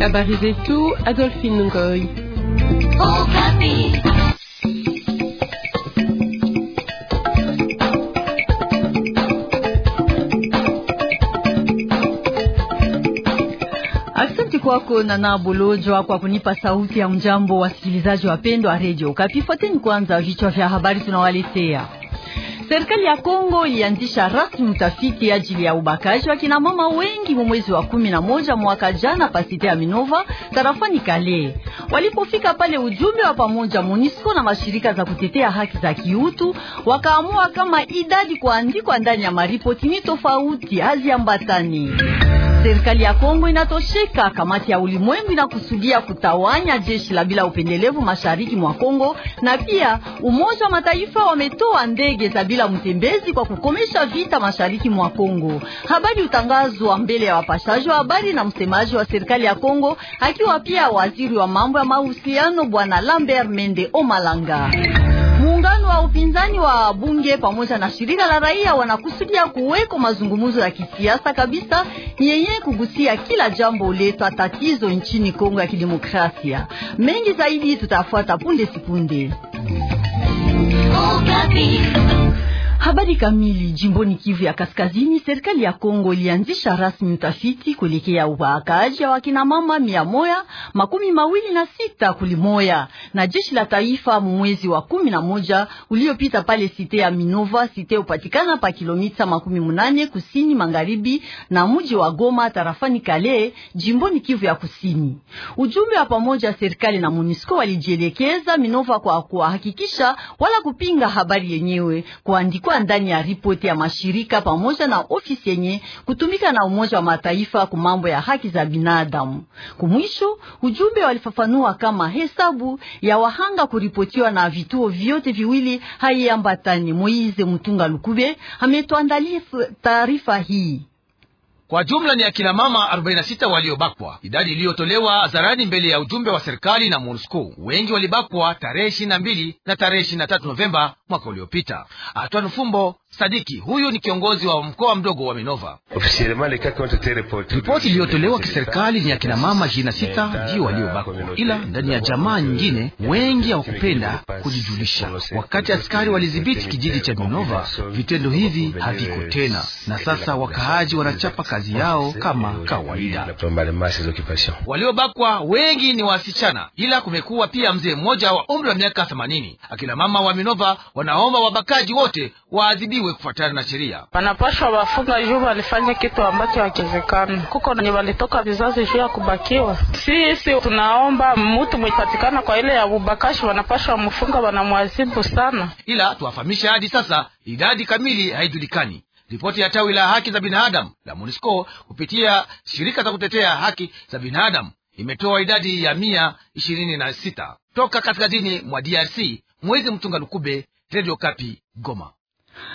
Habari zetu Adolphine Ngoy. Okapi. kwako Nana Bolojwa kwa kunipa sauti ya mjambo, wasikilizaji wapendwa Radio redio kwanza vichwa vya habari tunawaletea. Serikali ya Kongo ilianzisha rasmi utafiti ajili ya ubakaji wa kina mama wengi mu mwezi wa kumi na moja mwaka jana pasite ya Minova tarafani Kale. Walipofika pale, ujumbe wa pamoja MONUSCO na mashirika za kutetea haki za kiutu wakaamua kama idadi kuandikwa ndani ya maripoti ni tofauti haziambatani. Serikali ya Kongo inatosheka. Kamati ya ulimwengu inakusudia kutawanya jeshi la bila upendelevu mashariki mwa Kongo, na pia Umoja wa Mataifa wametoa ndege za bila mtembezi kwa kukomesha vita mashariki mwa Kongo. Habari utangazwa mbele ya wapashaji wa habari na msemaji wa serikali ya Kongo akiwa pia waziri wa mambo ya mahusiano Bwana Lambert Mende Omalanga. Muungano wa upinzani wa bunge pamoja na shirika la raia wanakusudia kuweko mazungumzo ya kisiasa kabisa yenye kugusia kila jambo leta tatizo nchini Kongo ya Kidemokrasia. Mengi zaidi tutafuata punde sipunde. Habari kamili. Jimboni Kivu ya Kaskazini, serikali ya Kongo ilianzisha rasmi utafiti kuelekea ubaakaji wa wakinamama mama mia moya makumi mawili na sita kulimoya na jeshi la taifa mwezi wa kumi na moja uliopita pale site ya Minova, site upatikana pa kilomita makumi munane kusini magharibi na mji wa Goma tarafani Kale, jimboni Kivu ya Kusini. Ujumbe wa pamoja serikali na MONUSCO walijielekeza Minova kwa kuhakikisha wala kupinga habari yenyewe kuandikwa ilikuwa ndani ya ripoti ya mashirika pamoja na ofisi yenye kutumika na Umoja wa Mataifa kwa mambo ya haki za binadamu. Kumwisho, ujumbe walifafanua kama hesabu ya wahanga kuripotiwa na vituo vyote viwili haiambatani. Moize Mtunga Lukube ametuandalia taarifa hii. Kwa jumla ni akina mama 46 waliobakwa, idadi iliyotolewa hadharani mbele ya ujumbe wa serikali na MONUSCO. Wengi walibakwa tarehe 22 na tarehe 23 Novemba mwaka uliopita. Atwa Nufumbo, Sadiki huyu ni kiongozi wa mkoa mdogo wa Minova. Ripoti iliyotolewa kiserikali ni ya kina mama ishirini na sita ndio waliobakwa, ila ndani ya jamaa nyingine wengi hawakupenda kujijulisha. Wakati askari walidhibiti kijiji cha Minova, vitendo hivi haviko tena, na sasa wakaaji wanachapa kazi yao kama kawaida. Waliobakwa wengi ni wasichana, ila kumekuwa pia mzee mmoja wa umri wa miaka themanini. Akina mama wa Minova wanaomba wabakaji wote waadhibiwe waadhibiwe kufuatana na sheria. Wanapashwa wafunga juu walifanya kitu ambacho hakiwezekani, Kuko wenye walitoka vizazi juu ya kubakiwa. Sisi tunaomba mtu mwepatikana kwa ile ya ubakashi, wanapashwa wamfunga, wanamwazibu sana, ila tuwafahamisha hadi sasa idadi kamili haijulikani. Ripoti ya tawi la haki za binadamu la MONUSCO kupitia shirika za kutetea haki za binadamu imetoa idadi ya mia ishirini na sita toka kaskazini mwa DRC. Mwezi Mtunga Lukube, Radio Kapi, Goma.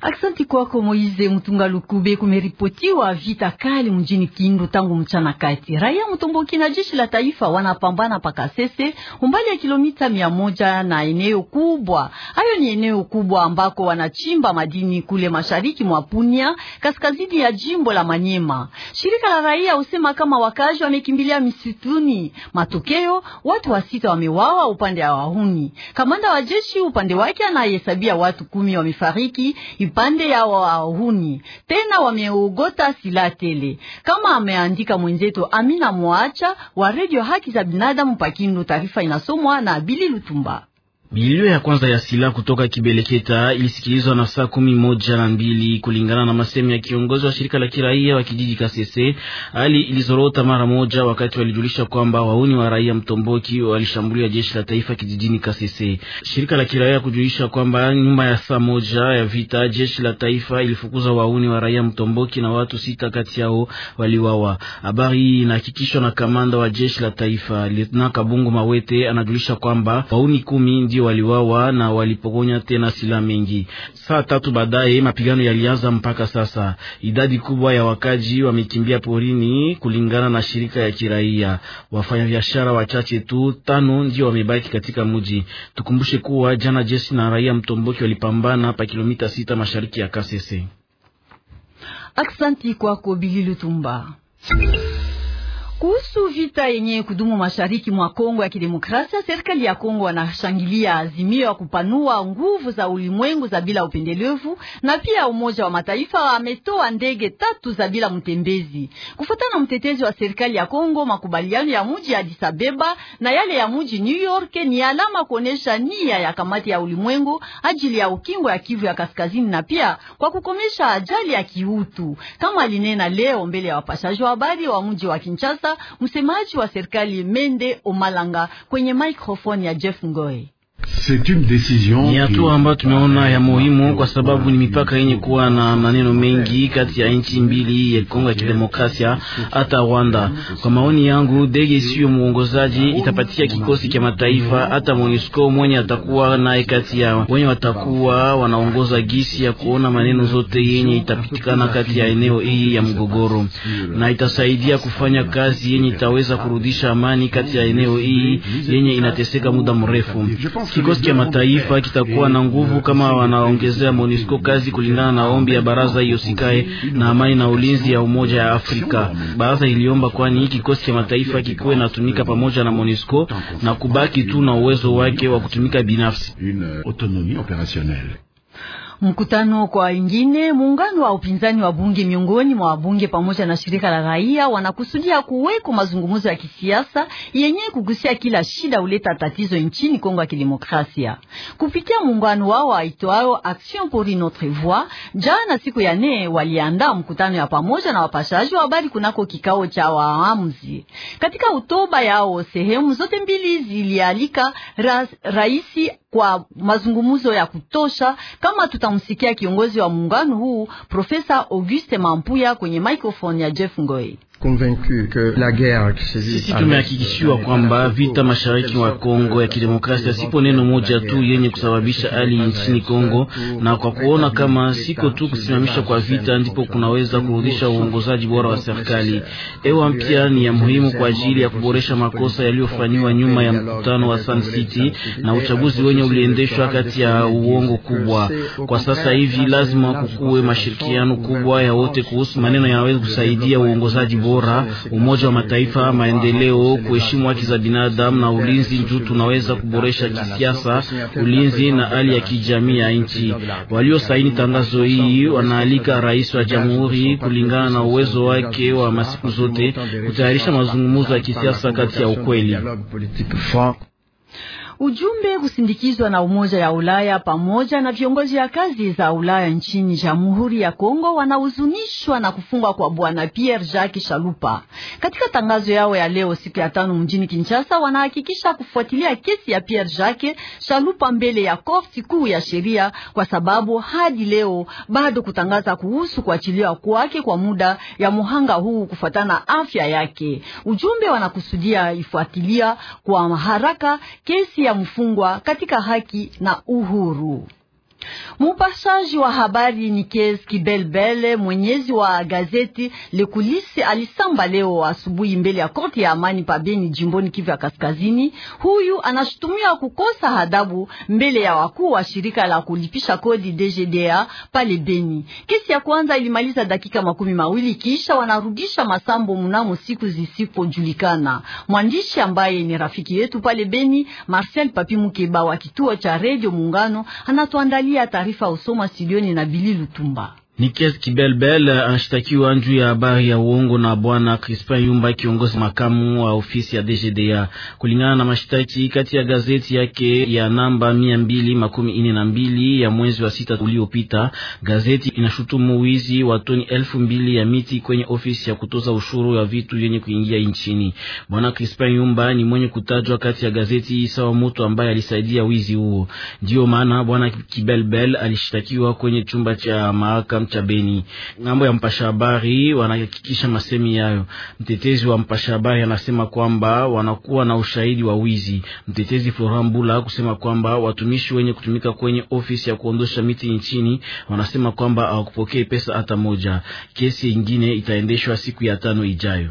Aksanti kwako Moize Mtunga Lukube. Kumeripotiwa vita kali mjini Kindu tangu mchana kati. Raia Mtomboki na jeshi la taifa wanapambana pakasese, umbali ya kilomita mia moja na eneo kubwa. Hayo ni eneo kubwa ambako wanachimba madini kule mashariki mwa Punia, kaskazini ya jimbo la Manyema. Shirika la raia usema kama wakazi wamekimbilia misituni. Matokeo, watu wasita wamewawa upande wa wahuni. Kamanda wa jeshi upande wake anahesabia watu kumi wamefariki ipande ya wahuni tena wameugota silaha tele, kama ameandika mwenzetu Amina Mwacha wa Radio Haki za Binadamu Pakindu. Taarifa inasomwa na Bili Lutumba. Milio ya kwanza ya silaha kutoka Kibeleketa ilisikilizwa na saa kumi moja na mbili kulingana na masemi ya kiongozi wa shirika la kiraia wa kijiji Kasese. Hali ilizorota mara moja wakati walijulisha kwamba wauni wa raia Mtomboki walishambulia jeshi la taifa kijijini Kasese. Shirika la kiraia kujulisha kwamba nyuma ya saa moja ya vita jeshi la taifa ilifukuza wauni wa raia Mtomboki na watu sita kati yao waliwawa. Habari hii inahakikishwa na kamanda wa jeshi la taifa Lieutenant Kabungu Mawete, anajulisha kwamba wauni kumi ndio waliwawa na walipokonya tena silaha mengi. Saa tatu baadaye mapigano yalianza mpaka sasa. Idadi kubwa ya wakaji wamekimbia porini kulingana na shirika ya kiraia. Wafanyabiashara wachache tu tano ndio wamebaki katika mji. Tukumbushe kuwa jana jeshi na raia mtomboki walipambana hapa kilomita sita mashariki ya Kasese. Aksanti kwako Bililutumba. Kuhusu vita yenye kudumu mashariki mwa Kongo ya Kidemokrasia, serikali ya Kongo anashangilia azimio ya kupanua nguvu za ulimwengu za bila upendelevu, na pia Umoja wa Mataifa ametoa ndege tatu za bila mtembezi. Kufuatana na mtetezi wa serikali ya Kongo, makubaliano ya muji ya Addis Abeba na yale ya muji New York ni alama kuonesha nia ya kamati ya ulimwengu ajili ya ukingo ya Kivu ya Kaskazini na pia kwa kukomesha ajali ya kiutu, kama alinena leo mbele ya wapashaji wa habari wa mji wa Kinshasa msemaji wa serikali Mende Omalanga kwenye maikrofoni ya Jeff Ngoy. Ni hatua ambayo tumeona ya muhimu kwa sababu ni mipaka yenye kuwa na maneno mengi kati ya nchi mbili ya Kongo ya Kidemokrasia hata Rwanda. Kwa maoni yangu, ndege isiyo muongozaji itapatia kikosi cha mataifa hata MONUSCO mwenye atakuwa naye kati ya wenye watakuwa wanaongoza gisi ya kuona maneno zote yenye itapitikana kati ya eneo hii ya mgogoro, na itasaidia kufanya kazi yenye itaweza kurudisha amani kati ya eneo hii yenye inateseka muda mrefu. Kikosi cha Mataifa kitakuwa na nguvu kama wanaongezea MONUSCO kazi kulingana na ombi ya baraza iyosikae na amani na ulinzi ya Umoja ya Afrika. Baraza iliomba kwani kikosi cha Mataifa kikuwe natumika pamoja na MONUSCO na kubaki tu na uwezo wake wa kutumika binafsi. Mkutano kwa wengine, muungano wa upinzani wa bunge miongoni mwa wabunge pamoja na shirika la raia wanakusudia kuweko mazungumzo ya kisiasa yenye kugusia kila shida huleta tatizo nchini Kongo ya Kidemokrasia kupitia muungano wao waitwao Action pour notre voix. Jana siku ya nne waliandaa mkutano ya pamoja na wapashaji wa habari kunako kikao cha waamuzi. Katika hotuba yao, sehemu zote mbili zilialika raisi kwa mazungumzo ya kutosha, kama tutamsikia kiongozi wa muungano huu Profesa Auguste Mampuya kwenye microphone ya Jeff Ngoy. Sisi tumehakikishiwa kwamba vita mashariki mwa Kongo ya Kidemokrasia sipo neno moja tu yenye kusababisha hali nchini Kongo, na kwa kuona kama siko tu kusimamisha kwa vita ndipo kunaweza kurudisha uongozaji bora wa serikali. ewa mpya ni ya muhimu kwa ajili ya kuboresha makosa yaliyofanywa nyuma ya mkutano wa Sun City na uchaguzi wenye uliendeshwa kati ya uongo kubwa. Kwa sasa hivi lazima kukuwe mashirikiano kubwa ya wote kuhusu maneno yanaweza kusaidia uongozaji bora, Umoja wa Mataifa, maendeleo, kuheshimu haki za binadamu na ulinzi, juu tunaweza kuboresha kisiasa, ulinzi na hali ya kijamii ya nchi. Waliosaini tangazo hii wanaalika rais wa jamhuri, kulingana na uwezo wake wa masiku zote, kutayarisha mazungumzo ya kisiasa kati ya ukweli Ujumbe kusindikizwa na Umoja ya Ulaya pamoja na viongozi ya kazi za Ulaya nchini Jamhuri ya Kongo wanahuzunishwa na kufungwa kwa Bwana Pierre Jacques Shalupa. Katika tangazo yao ya leo siku ya tano mjini Kinshasa, wanahakikisha kufuatilia kesi ya Pierre Jacques Shalupa mbele ya korti kuu ya sheria, kwa sababu hadi leo bado kutangaza kuhusu kuachiliwa kwake kwa muda ya muhanga huu kufuatana afya yake. Ujumbe wanakusudia ifuatilia kwa haraka kesi ya mfungwa katika haki na uhuru. Mupashaji wa habari ni Nikes Kibelbele, mwenyezi wa gazeti Le Kulisi, alisamba leo asubuhi mbele ya korti ya amani pabeni jimboni Kivu ya Kaskazini. Huyu anashutumiwa kukosa hadabu mbele ya wakuu wa shirika la kulipisha kodi DGDA pale Beni. Kesi ya kwanza ilimaliza dakika makumi mawili kisha wanarudisha masambo mnamo siku zisipojulikana. Mwandishi ambaye ni rafiki yetu pale Beni, Marcel Papi Mukeba wa kituo cha redio Muungano, anatuandalia Taarifa usoma studioni na Bili Lutumba. Nikes Kibelbel euh, anashtakiwa juu ya habari ya uongo na bwana Crispin Yumba, kiongozi makamu wa ofisi ya DGDA, kulingana na mashtaki kati ya gazeti yake ya namba mia mbili makumi ine na mbili ya mwezi wa sita uliopita. Gazeti inashutumu wizi wa toni elfu mbili ya miti kwenye ofisi ya kutoza ushuru ya vitu vyenye kuingia nchini. Bwana Crispin Yumba ni mwenye kutajwa kati ya gazeti sawa mtu ambaye alisaidia wizi huo. Ndiyo maana bwana Kibelbel alishtakiwa kwenye chumba cha mahakama kifamu cha Beni. Ngambo ya mpasha habari wanahakikisha masemi yayo. Mtetezi wa mpasha habari anasema kwamba wanakuwa na ushahidi wa wizi. Mtetezi Florent Bula kusema kwamba watumishi wenye kutumika kwenye ofisi ya kuondosha miti nchini wanasema kwamba hawakupokea pesa hata moja. Kesi ingine itaendeshwa siku ya tano ijayo.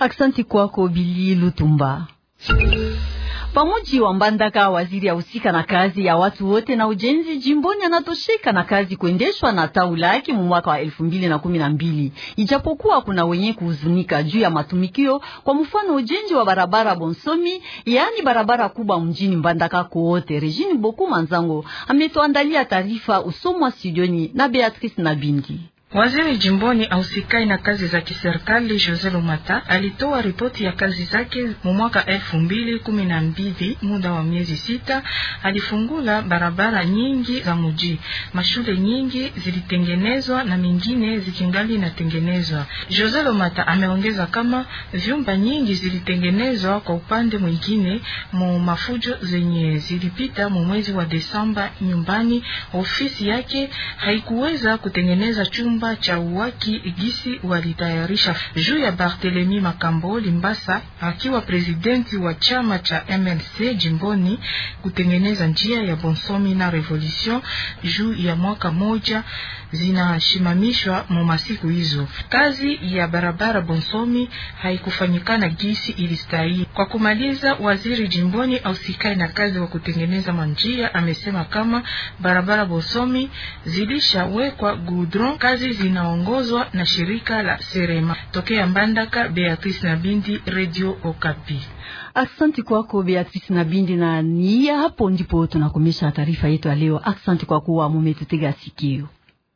Aksanti kwako Bili Lutumba pa muji wa Mbandaka, waziri ya usika na kazi ya watu wote na ujenzi jimboni anatosheka na kazi kuendeshwa na tau lake mu mwaka wa elfu mbili na kumi na mbili ijapokuwa kuna wenye kuhuzunika juu ya matumikio, kwa mfano ujenzi wa barabara Bonsomi, yaani barabara kubwa mjini Mbandaka kote. Regine Boku Manzango ametuandalia taarifa usomwa studioni na Beatrice Nabindi. Waziri jimboni ausikai na kazi za kiserikali Jose Lumata alitoa ripoti ya kazi zake mu mwaka elfu mbili kumi na mbili. Muda wa miezi sita alifungula barabara nyingi za muji, mashule nyingi zilitengenezwa na mingine zikingali inatengenezwa. Jose Lumata ameongeza kama vyumba nyingi zilitengenezwa. Kwa upande mwingine, mu mafujo zenye zilipita mu mwezi wa Desemba, nyumbani ofisi yake haikuweza kutengeneza chumba chumba cha uwaki gisi walitayarisha juu ya Barthelemy Makambo Limbasa akiwa presidenti wa chama cha mlc jimboni kutengeneza njia ya bonsomi na revolution juu ya mwaka moja zinashimamishwa mu masiku hizo. Kazi ya barabara Bonsomi haikufanyikana gisi ilistahili. Kwa kumaliza, waziri jimboni ausikai na kazi wa kutengeneza manjia amesema kama barabara Bonsomi zilishawekwa gudron, kazi zinaongozwa na shirika la Serema. Tokea Mbandaka, Beatrice na Bindi, Radio Okapi. Asante kwako Beatrice na Bindi na niya. Hapo ndipo tunakomesha taarifa yetu ya leo. Asante kwa kuwa mumetutega sikio.